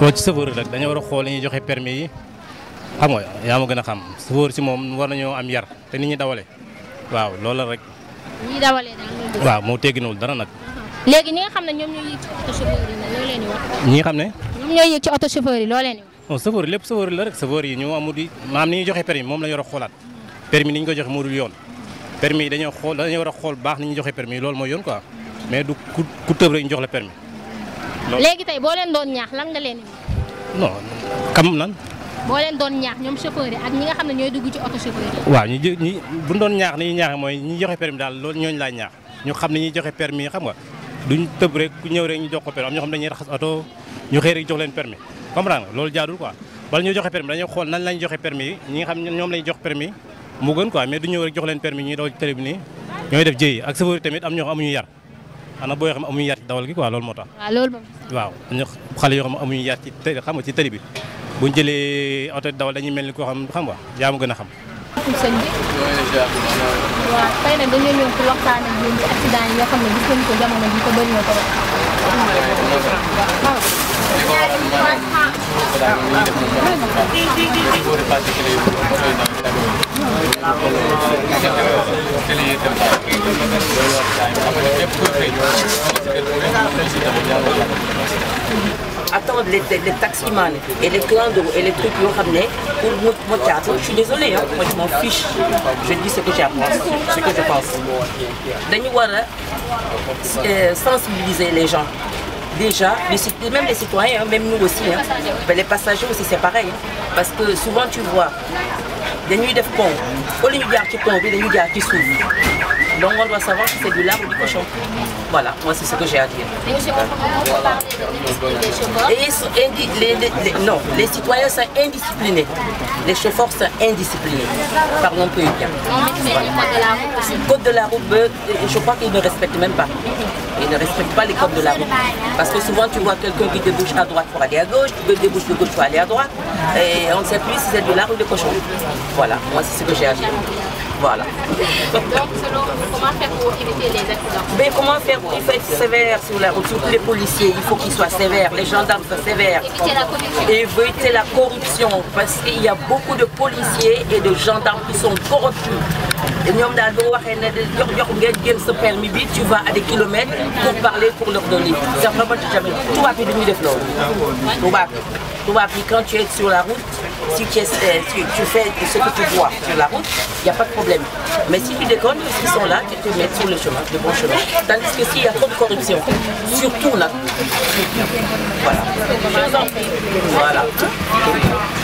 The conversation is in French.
moo ci sëfër rek dañoo war a xool li ñuy joxe permis yi xam nga yaa gën a xam sëfër si moom war nañoo am yar te nit ñi dawale waaw loolu la rek. ñi dawalee daal waaw dara nag. Uh-huh. léegi ñi nga xam ne ñoom ñooy yëg ci oto chauffeur yi loo wax. ñi xam ne. ñoom ñooy yëg ci oto chauffeur yi loo leen di wax. non chauffeur lépp chauffeur la rek chauffeur yi ñoo maam ni ñuy joxe permis moom la ñu war a xoolaat permis ni ñu ko joxe moo dul yoon permis yi dañoo xool dañoo war a xool baax ni ñu joxe permi loolu mooy yoon quoi mais du ku tëb rek ñu jox la permis léegi tey boo leen doon ñaax lan nga leen non kam lan. boo leen doon ñaax ñoom chauffeur ak ñi nga xam ne ñooy dugg ci oto chauffeur ñu jë ñi bu doon ñaax li ñuy ñaax mooy ñi joxe permis daal loolu laa ñaax ñu xam ne ñuy joxe permis xam nga duñ tëb rek ku ñëw rek ñu jox ko permis am ñoo xam oto ñu xëy jox leen permis comprendre nga loolu jaadul quoi bala ñuy joxe permis xool nan lañ joxe permis ñi nga xam ñoom lañ jox permis mu gën quoi mais du ñëw rek jox leen permis ñuy daw ci télé def jëy ak chauffeur yi tamit am ñoo xam amuñu yar ana booy xam amuñu yar ci dawal gi quoi tax. waaw loolu moom. waaw ñu xale xam amuñu yar ci tali xam nga ci tali bi bu ñu jëlee dawal dañuy mel ni koo xam xam nga yaa gën a xam. attendre les, les, les taximans et les clandos et les trucs qui ont ramené pour mon, mon Je suis désolé hein? moi je m'en fiche. Je dis ce que j'ai à ce que je pense. Euh, sensibiliser les gens. Déjà, même les citoyens, hein, même nous aussi, hein. Ben, les passagers aussi c'est pareil. Hein. Parce que souvent tu vois, des nuits de pont, au lieu de qui tombe, des nuits de qui s'ouvre. Donc on doit savoir si c'est de lard ou du cochon. Voilà, moi c'est ce que j'ai à dire. Et les, non, les citoyens sont indisciplinés. Les chauffeurs sont indisciplinés. pardon peu bien. Hein. Côte de la route, ben, euh, je crois qu'ils ne respectent même pas. Ils ne respectent pas les codes de la route. Parce que souvent tu vois quelqu'un qui débouche à droite pour aller à gauche, qui débouche de gauche pour aller à droite. Et on ne sait plus si c'est de l'art ou de cochon. Voilà, moi c'est ce que j'ai à dire. Voilà. Donc, selon vous, comment faire pour éviter les accidents Mais ben, Comment faire pour être sévère sur la route Surtout les policiers, il faut qu'ils soient sévères, les gendarmes soient sévères. Éviter la corruption. Éviter la corruption, parce qu'il y a beaucoup de policiers et de gendarmes qui sont corrompus. Les hommes a waxee ce permis tu vas à des kilomètres pour parler pour leur donner. c'est vraiment jamais tout va dañuy de loolu dois quand tu es sur la route, si tu, euh, fais ce que tu vois sur la route, il n'y a pas de problème. Mais si tu déconnes, ils sont là, tu te mets sur le chemin, le bon chemin. Tandis que s'il y a trop de corruption, surtout là, voilà. Voilà.